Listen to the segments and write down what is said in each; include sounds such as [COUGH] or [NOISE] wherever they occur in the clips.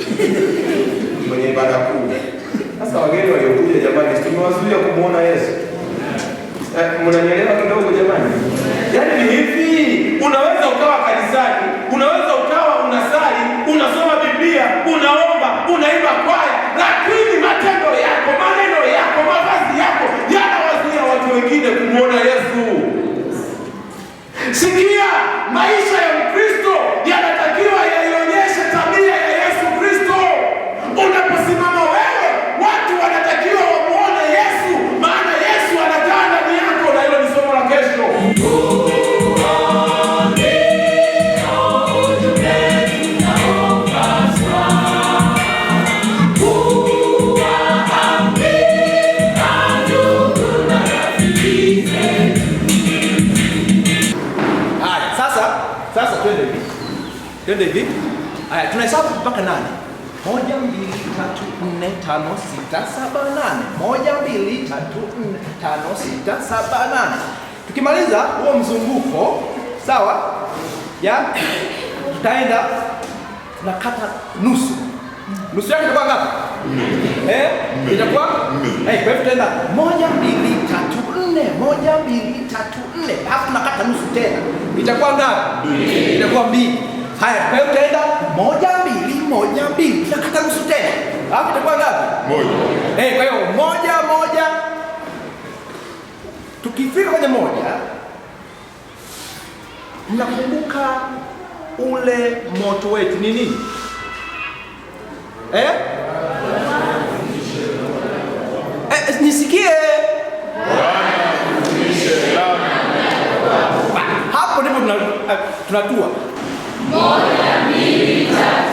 [LAUGHS] mwenye ibada kuu. Sasa wageni waliokuja, jamani, tumewazuia kumwona Yesu. Eh, mnanielewa kidogo jamani? Yaani ni hivi, unaweza ukawa kanisani, unaweza ukawa unasali, unasoma Biblia, unaomba, unaimba kwaya, lakini matendo yako, maneno yako, mavazi yako yanawazuia watu wengine kumwona Yesu. twende vipi? Haya, tunahesabu mpaka nane. Moja, mbili, tatu, nne, tano, sita, saba, nane. Moja, mbili, tatu, nne, tano, sita, saba, nane. Tukimaliza huo mzunguko sawa, ya tutaenda tunakata nusu. Nusu yake itakuwa ngapi? Eh, itakuwa eh, kwa hivyo tutaenda moja, mbili, tatu, nne, moja, mbili, tatu, nne, halafu nakata nusu tena, itakuwa ngapi? Itakuwa mbili. Haya, kwa hiyo utaenda moja mbili moja mbili, nakata nusu tena, alafu itakuwa ngapi? Moja. Eh, kwa hiyo moja moja, tukifika kwenye moja, nakumbuka ule moto wetu ni nini eh? Eh, nisikie hapo ndipo tunatua eh, Бога милиця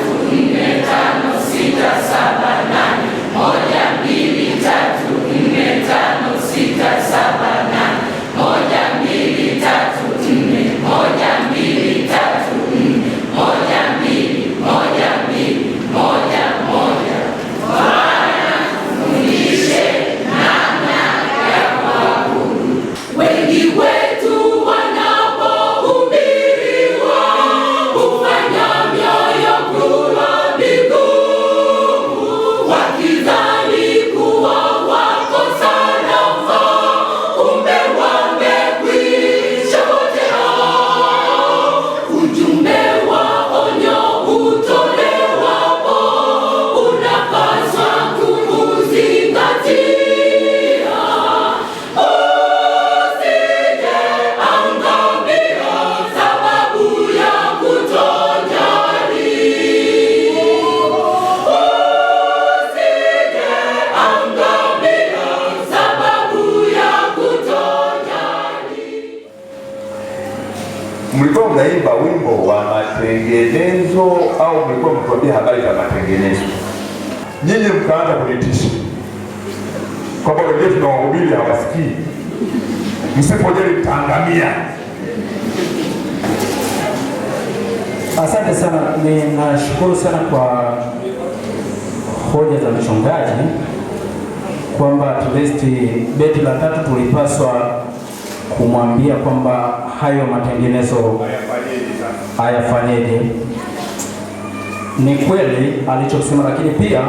kuambia habari za matengenezo, nyinyi mkaanza kunitisha kwamba wenyewe tunawahubiri hawasikii, msipojali mtaangamia. Asante sana, ninashukuru sana kwa hoja za mchungaji kwamba at least beti la tatu tulipaswa kumwambia kwamba hayo matengenezo hayafanyeje ni kweli alichosema, lakini pia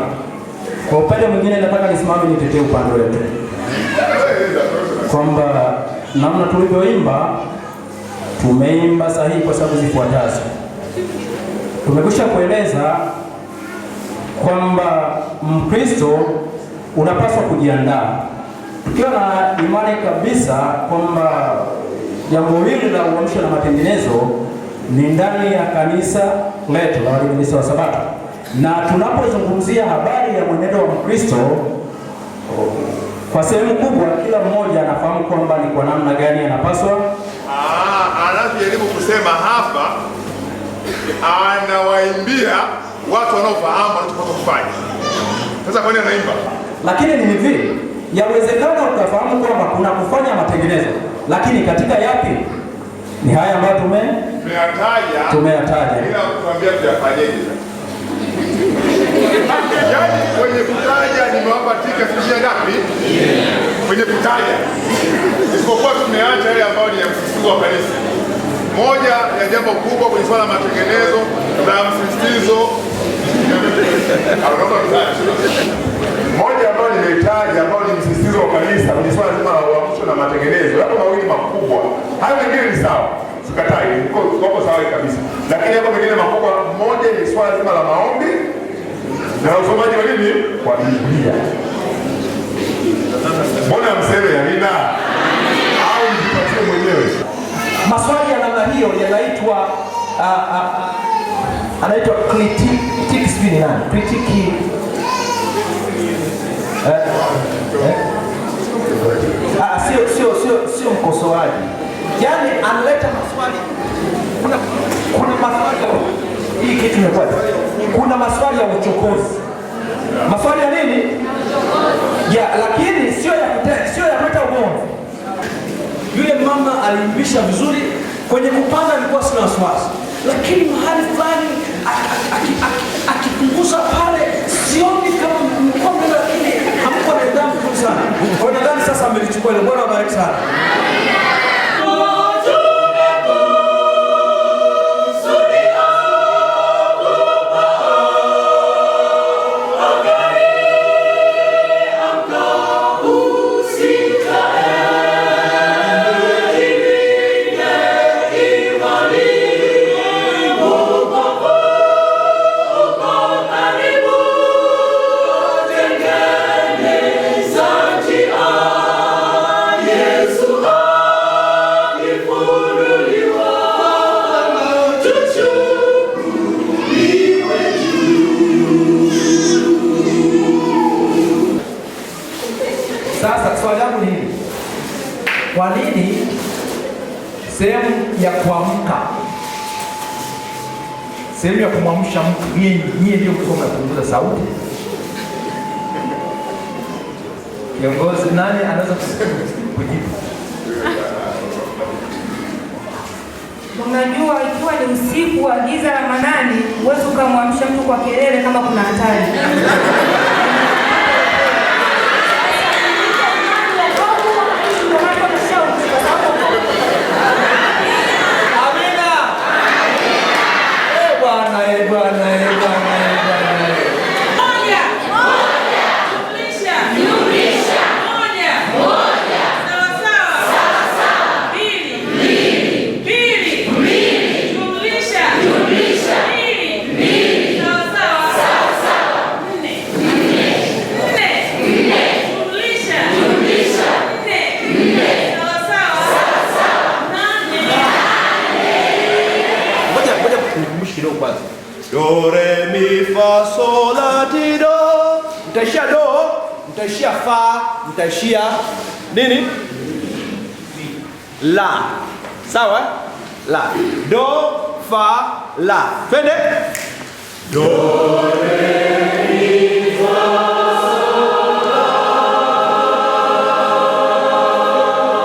kwa upande mwingine nataka nisimame nitetee upande wetu kwamba namna tulivyoimba tumeimba sahihi kwa sababu zifuatazo. Tumekwisha kueleza kwamba Mkristo unapaswa kujiandaa, tukiwa na imani kabisa kwamba jambo hili la uamsho na matengenezo ni ndani ya kanisa letu la Waadventista wa Sabato, na tunapozungumzia habari ya mwenendo wa Mkristo kwa sehemu kubwa, kila mmoja anafahamu kwamba ni kwa namna gani anapaswa anavyojaribu ah, kusema hapa. Anawaimbia watu wanaofahamu wanachopaswa kufanya. Sasa kwani anaimba, lakini ni hivi, yawezekana ukafahamu kwamba kuna kufanya matengenezo, lakini katika yapi? Ni haya ambayo tume tumeyataja, tumeyataja bila Yaani kwenye kutaja nimewapa tika sijia ngapi? Kwenye kutaja isipokuwa tumeacha ile ambayo ni ya msisitizo wa kanisa. Moja ya jambo kubwa kwenye swala la matengenezo na msisitizo moja ambayo nimeitaja ambayo ni msisitizo wa kanisa kwenye swala zima la kuna matengenezo yako mawili makubwa, hayo mengine ni sawa, sikatai, uko sawa kabisa, lakini yako mengine makubwa, mmoja ni swala zima la maombi na usomaji wa nini kwa Biblia. Mbona mseme yanina au mjipatie mwenyewe? Maswali ya namna hiyo yanaitwa uh, uh, uh, anaitwa critique, Kritiki ni nani? eh, eh. Ah, sio sio sio sio mkosoaji. Yaani analeta maswali. Kuna kuna maswali ya hii kitu imefanya. Kuna maswali ya uchokozi. Maswali ya nini? Ya lakini sio ya sio ya kuleta ugomvi. Yule mama alimbisha vizuri kwenye kupanda alikuwa sina wasiwasi. Lakini mahali fulani akipunguza pale sioni kama sana. Kwa nadhani sasa mmelichukua ile. Bwana awabariki sana. gani ya kuamka, sehemu ya kumwamsha mtu. Nyie ndio mlikuwa mnapunguza sauti. Kiongozi nani anaweza kujibu? Unajua, ikiwa ni usiku wa giza la manani huwezi ukamwamsha mtu kwa kelele kama kuna hatari mtaishia fa, mtaishia nini? La. Sawa? La. Do, fa, la. Twende. Do, re, mi, fa.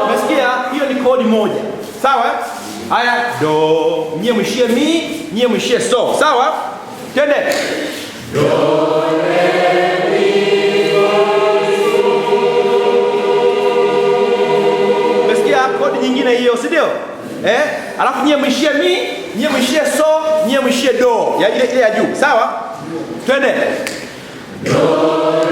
Umesikia? Hiyo ni kodi moja. Sawa? Haya, do. Nyie mwishie mi, nyie mwishie so. Sawa? Twende. Do, re, eh? Alafu nyie mwishie mi, nyie mwishie so, nyie mwishie do ya ile ile ya juu, sawa? Twende do